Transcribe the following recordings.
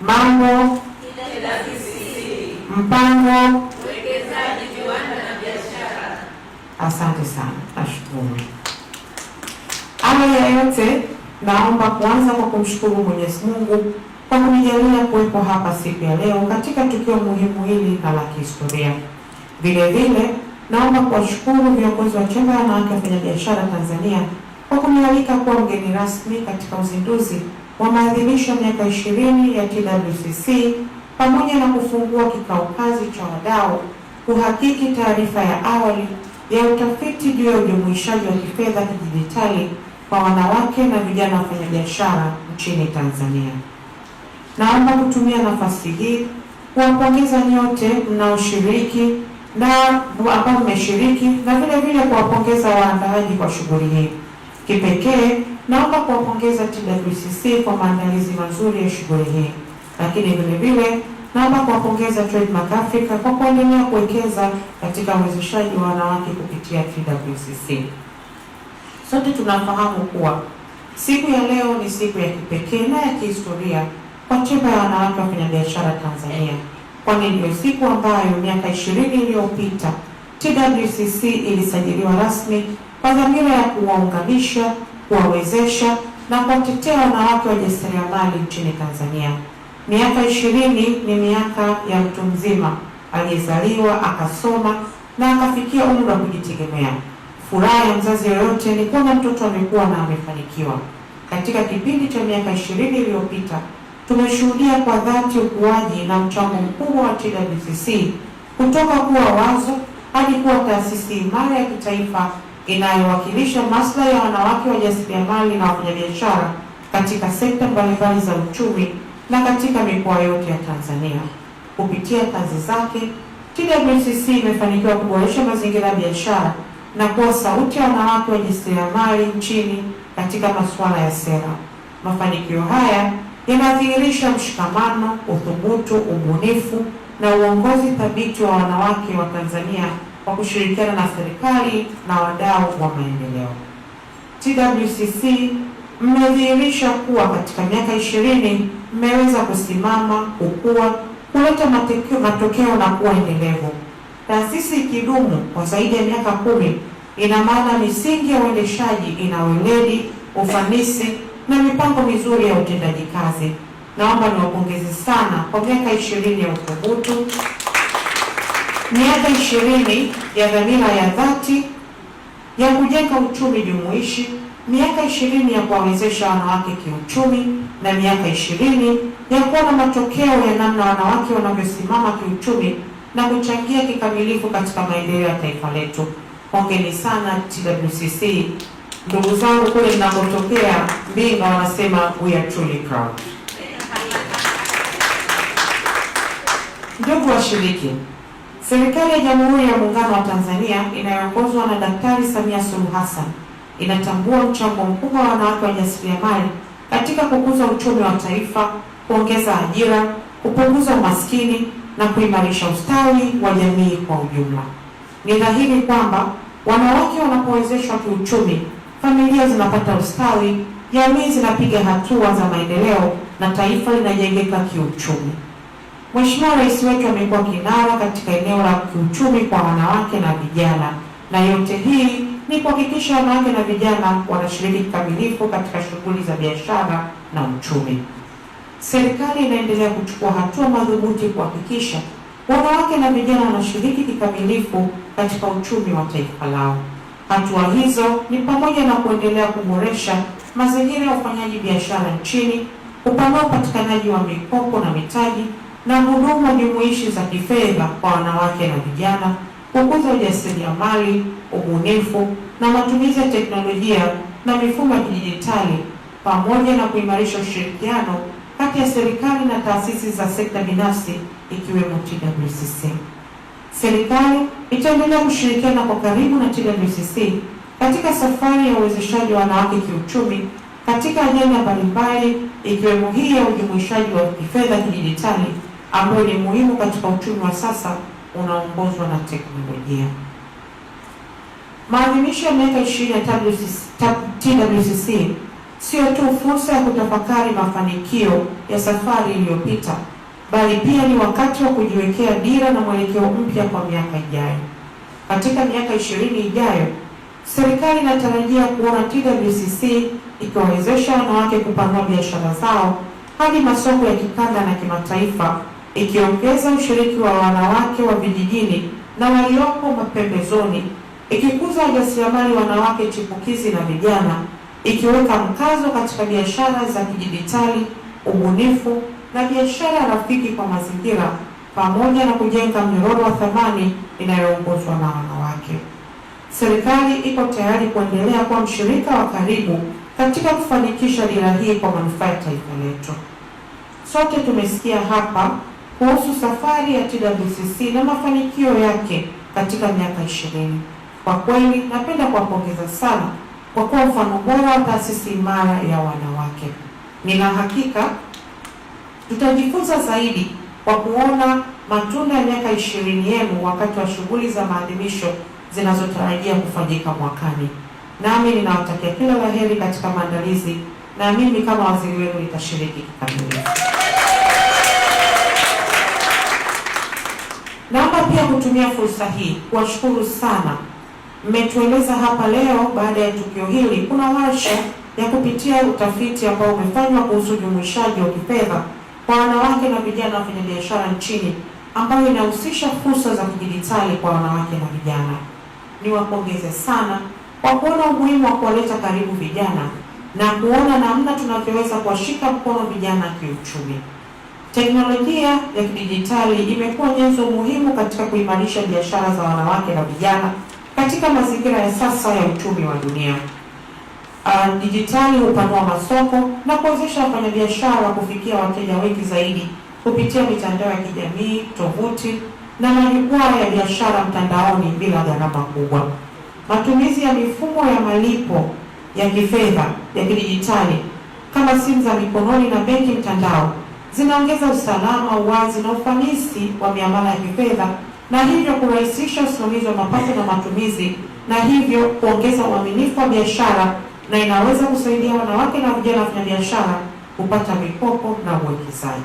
mambo mpango uwekezaji viwanda na biashara. Asante sana, nashukuru. Awali ya yote, naomba kuanza kwa kumshukuru Mwenyezi Mungu kwa kunijalia kuwepo hapa siku ya leo katika tukio muhimu hili na la kihistoria. Vile vile naomba kuwashukuru viongozi wa Chemba ya Wanawake Wafanyabiashara Tanzania kwa kunialika kuwa mgeni rasmi katika uzinduzi wa maadhimisho ya miaka ishirini ya TWCC pamoja na kufungua kikao kazi cha wadau kuhakiki taarifa ya awali ya utafiti juu ya ujumuishaji wa kifedha kidijitali kwa wanawake na vijana wafanyabiashara nchini Tanzania. Naomba kutumia nafasi hii kuwapongeza nyote mnaoshiriki na ambao mmeshiriki na vile vile kuwapongeza waandaaji kwa shughuli hii. Kipekee Naomba kuwapongeza TWCC kwa maandalizi mazuri ya shughuli hii, lakini vile vile naomba kuwapongeza Trademark Africa kwa kuendelea kuwekeza katika uwezeshaji wa wanawake kupitia TWCC. Sote tunafahamu kuwa siku ya leo ni siku ya kipekee na ya kihistoria kwa chemba ya wanawake wafanyabiashara Tanzania, kwani ndio siku ambayo miaka 20 iliyopita TWCC ilisajiliwa rasmi kwa dhamira ya kuwaunganisha kuwawezesha na kuwatetea wanawake wajasiriamali nchini Tanzania. Miaka ishirini ni miaka ya mtu mzima aliyezaliwa akasoma na akafikia umri wa kujitegemea. Furaha ya mzazi yoyote ni kwamba mtoto amekuwa na amefanikiwa. Katika kipindi cha miaka ishirini iliyopita tumeshuhudia kwa dhati ukuaji na mchango mkubwa wa TWCC kutoka kuwa wazo hadi kuwa taasisi imara ya kitaifa inayowakilisha maslahi ya wanawake wajasiriamali na wafanyabiashara katika sekta mbalimbali za uchumi na katika mikoa yote ya Tanzania. Kupitia kazi zake, TWCC imefanikiwa kuboresha mazingira ya biashara na kuwa sauti ya wanawake wajasiriamali nchini katika masuala ya sera. Mafanikio haya yanadhihirisha mshikamano, uthubutu, ubunifu na uongozi thabiti wa wanawake wa Tanzania kwa kushirikiana na serikali na wadau wa maendeleo. TWCC mmedhihirisha kuwa katika miaka ishirini mmeweza kusimama, kukua, kuleta matokeo na kuwa endelevu. Taasisi ikidumu kwa zaidi ya miaka kumi, ina maana misingi ya uendeshaji ina weledi, ufanisi na mipango mizuri ya utendaji kazi. Naomba niwapongeze sana kwa miaka ishirini ya uthubutu miaka ishirini ya dhamira ya dhati ya kujenga uchumi jumuishi, miaka ishirini ya kuwawezesha wanawake kiuchumi na miaka ishirini ya kuona matokeo ya namna wanawake wanavyosimama kiuchumi na kuchangia kikamilifu katika maendeleo ya taifa letu. Hongeni sana TWCC. Ndugu zangu kule mnapotokea Mbinga wanasema we are truly proud. Ndugu washiriki Serikali ya Jamhuri ya Muungano wa Tanzania inayoongozwa na Daktari Samia Suluhu Hassan inatambua mchango mkubwa wa wanawake wajasiriamali katika kukuza uchumi wa taifa, kuongeza ajira, kupunguza umaskini na kuimarisha ustawi wa jamii kwa ujumla. Ni dhahiri kwamba wanawake wanapowezeshwa kiuchumi, familia zinapata ustawi, jamii zinapiga hatua za maendeleo na taifa linajengeka kiuchumi. Mheshimiwa Rais wetu amekuwa kinara katika eneo la kiuchumi kwa wanawake na vijana, na yote hii ni kuhakikisha wanawake na vijana wanashiriki kikamilifu katika shughuli za biashara na uchumi. Serikali inaendelea kuchukua hatua madhubuti kuhakikisha wanawake na vijana wanashiriki kikamilifu katika uchumi wa taifa lao. Hatua hizo ni pamoja na kuendelea kuboresha mazingira ya ufanyaji biashara nchini, kupanua upatikanaji wa mikopo na mitaji na huduma jumuishi za kifedha kwa wanawake na vijana, kukuza ujasiriamali, ubunifu na matumizi ya teknolojia na mifumo ya kidijitali, pamoja na kuimarisha ushirikiano kati ya serikali na taasisi za sekta binafsi ikiwemo TWCC. Serikali itaendelea kushirikiana kwa karibu na TWCC katika safari ya uwezeshaji wa wanawake kiuchumi katika ajenda mbalimbali ikiwemo hii ya ujumuishaji wa kifedha kidijitali ambayo ni muhimu katika uchumi wa sasa unaongozwa na teknolojia. Maadhimisho ya miaka 20 ya TWCC sio tu fursa ya kutafakari mafanikio ya safari iliyopita, bali pia ni wakati wa kujiwekea dira na mwelekeo mpya kwa miaka ijayo. Katika miaka ishirini ijayo, serikali inatarajia kuona TWCC ikiwawezesha wanawake kupanua biashara zao hadi masoko ya kikanda na kimataifa ikiongeza ushiriki wa wanawake wa vijijini na walioko mapembezoni, ikikuza ujasiriamali wanawake chipukizi na vijana, ikiweka mkazo katika biashara za kidijitali, ubunifu na biashara rafiki kwa mazingira, pamoja na kujenga mnyororo wa thamani inayoongozwa na wanawake. Serikali iko tayari kuendelea kuwa mshirika wa karibu katika kufanikisha dira hii kwa manufaa ya taifa letu. Sote tumesikia hapa kuhusu safari ya TWCC na mafanikio yake katika miaka ishirini. Kwa kweli napenda kuwapongeza sana kwa kuwa mfano bora wa taasisi imara ya wanawake. Nina hakika tutajifunza zaidi kwa kuona matunda ya miaka ishirini yenu wakati wa shughuli za maadhimisho zinazotarajia kufanyika mwakani. Nami ninawatakia kila la heri katika maandalizi, na mimi kama waziri wenu nitashiriki kikamilifu. Naomba pia kutumia fursa hii kuwashukuru sana, mmetueleza hapa leo baada ya tukio hili kuna warsha ya kupitia utafiti ambao umefanywa kuhusu ujumuishaji wa kifedha kwa wanawake na vijana wafanyabiashara nchini ambayo inahusisha fursa za kidijitali kwa wanawake na vijana. Niwapongeze sana kwa kuona umuhimu wa kuwaleta karibu vijana na kuona namna tunavyoweza kuwashika mkono vijana kiuchumi. Teknolojia ya kidijitali imekuwa nyenzo muhimu katika kuimarisha biashara za wanawake na vijana katika mazingira ya sasa ya uchumi wa dunia. Uh, dijitali hupanua masoko na kuwezesha wafanyabiashara kufikia wateja wengi zaidi kupitia mitandao ya kijamii, tovuti na majukwaa ya biashara mtandaoni bila gharama kubwa. Matumizi ya mifumo ya malipo ya kifedha ya kidijitali kama simu za mikononi na benki mtandao zinaongeza usalama, uwazi na ufanisi wa miamala ya kifedha na hivyo kurahisisha usimamizi wa mapato na matumizi na hivyo kuongeza uaminifu wa biashara na inaweza kusaidia wanawake na vijana wafanyabiashara kupata mikopo na uwekezaji.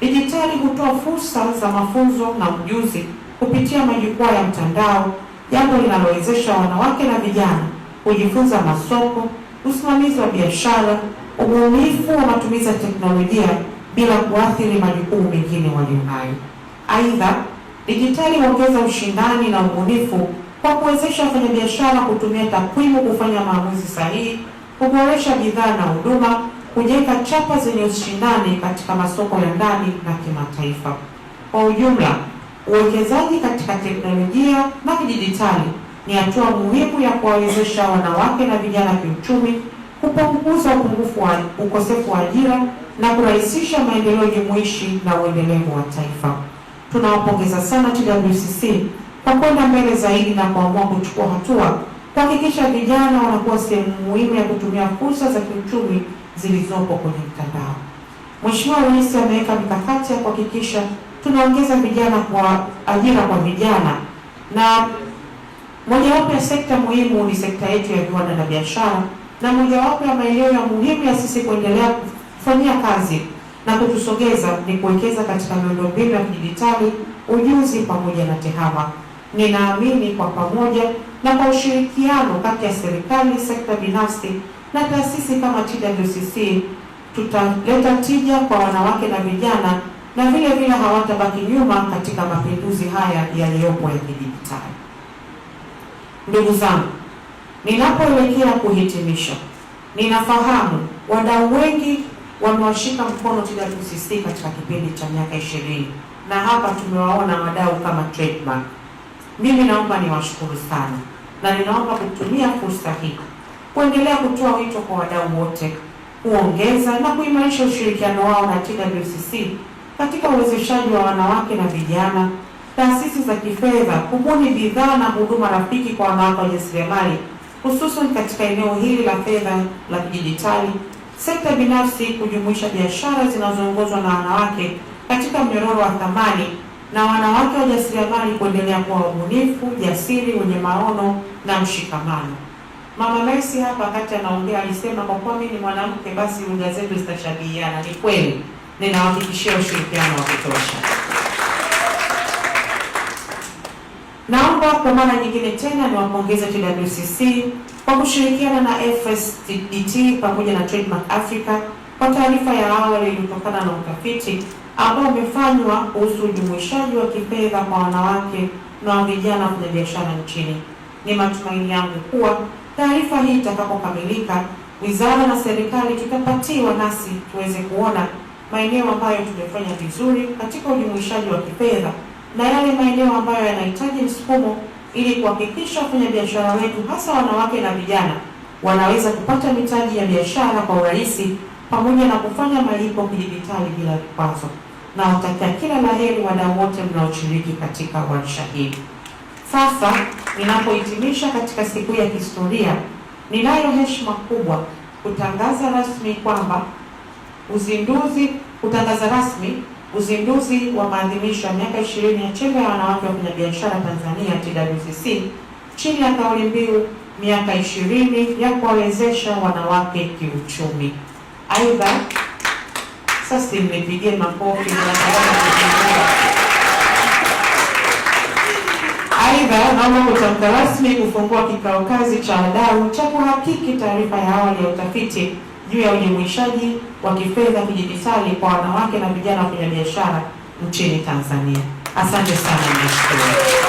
Dijitali hutoa fursa za mafunzo na ujuzi kupitia majukwaa ya mtandao, jambo linalowezesha wanawake na vijana kujifunza masoko, usimamizi wa biashara, ubunifu wa matumizi ya teknolojia bila kuathiri majukumu mengine walionayo. Aidha, dijitali huongeza ushindani na ubunifu kwa kuwezesha wafanyabiashara kutumia takwimu kufanya maamuzi sahihi, kuboresha bidhaa na huduma, kujenga chapa zenye ushindani katika masoko ya ndani na kimataifa. Kwa ujumla, uwekezaji katika teknolojia na kidijitali ni hatua muhimu ya kuwawezesha wanawake na vijana kiuchumi, kupunguza upungufu wa ukosefu wa ajira na kurahisisha maendeleo jumuishi na uendelevu wa taifa. Tunawapongeza sana TWCC kwa kwenda mbele zaidi na kuamua kuchukua hatua kuhakikisha vijana wanakuwa sehemu muhimu ya kutumia fursa za kiuchumi zilizopo kwenye mtandao. Mheshimiwa Rais ameweka mikakati ya kuhakikisha tunaongeza vijana kwa ajira kwa vijana, na mojawapo ya sekta muhimu ni sekta yetu ya viwanda na biashara, na mojawapo ya maeneo ya muhimu ya sisi kuendelea kufanyia kazi na kutusogeza ni kuwekeza katika miundombinu ya kidijitali, ujuzi pamoja na tehama. Ninaamini kwa pamoja na kwa ushirikiano kati ya serikali, sekta binafsi na taasisi kama TWCC tutaleta tija kwa wanawake na vijana, na vile vile hawatabaki nyuma katika mapinduzi haya yaliyopo ya kidijitali. Ndugu zangu, ninapoelekea kuhitimisha, ninafahamu wadau wengi wamewashika mkono TWCC katika kipindi cha miaka ishirini na hapa tumewaona wadau kama Trademark. Mimi naomba niwashukuru sana na ninaomba kutumia fursa hii kuendelea kutoa wito kwa wadau wote kuongeza na kuimarisha ushirikiano wao na TWCC katika uwezeshaji wa wanawake na vijana, taasisi za kifedha kubuni bidhaa na huduma rafiki kwa wanawake wajasiriamali, hususan katika eneo hili la fedha la kidijitali sekta binafsi kujumuisha biashara zinazoongozwa na wanawake katika mnyororo wa thamani na wanawake wajasiriamali kuendelea kuwa wabunifu, jasiri, wenye maono na mshikamano. Mama Mercy hapa wakati anaongea alisema kwa kuwa mimi ni mwanamke basi lugha zetu zitashabihiana. Ni kweli, ninawahakikishia ushirikiano wa kutosha. Naomba kwa mara nyingine tena niwapongeze TWCC kwa kushirikiana na FSDT pamoja na Trademark Africa kwa taarifa ya awali iliyotokana na utafiti ambao umefanywa kuhusu ujumuishaji wa kifedha kwa wanawake na vijana biashara nchini. Ni matumaini yangu kuwa taarifa hii itakapokamilika, wizara na serikali tutapatiwa, nasi tuweze kuona maeneo ambayo tumefanya vizuri katika ujumuishaji wa kifedha na yale maeneo ambayo yanahitaji msukumo ili kuhakikisha wafanyabiashara wetu hasa wanawake na vijana wanaweza kupata mitaji ya biashara kwa urahisi pamoja na kufanya malipo kidijitali bila vikwazo. Na watakia kila la heri wadau wote mnaoshiriki katika warsha hii. Sasa ninapohitimisha katika siku ya kihistoria ninayo heshima kubwa kutangaza rasmi kwamba uzinduzi kutangaza rasmi Uzinduzi wa maadhimisho ya miaka 20 ya chembe ya wanawake wafanyabiashara Tanzania TWCC chini ya kauli mbiu miaka 20 ya kuwawezesha wanawake kiuchumi. Aidha, sasa nimepigia makofi Aidha, naomba kutamka rasmi kufungua kikao kazi cha wadau cha kuhakiki taarifa ya awali ya utafiti juu ya ujumuishaji wa kifedha kidijitali kwa wanawake na vijana wafanyabiashara nchini Tanzania. Asante sana mheshimiwa.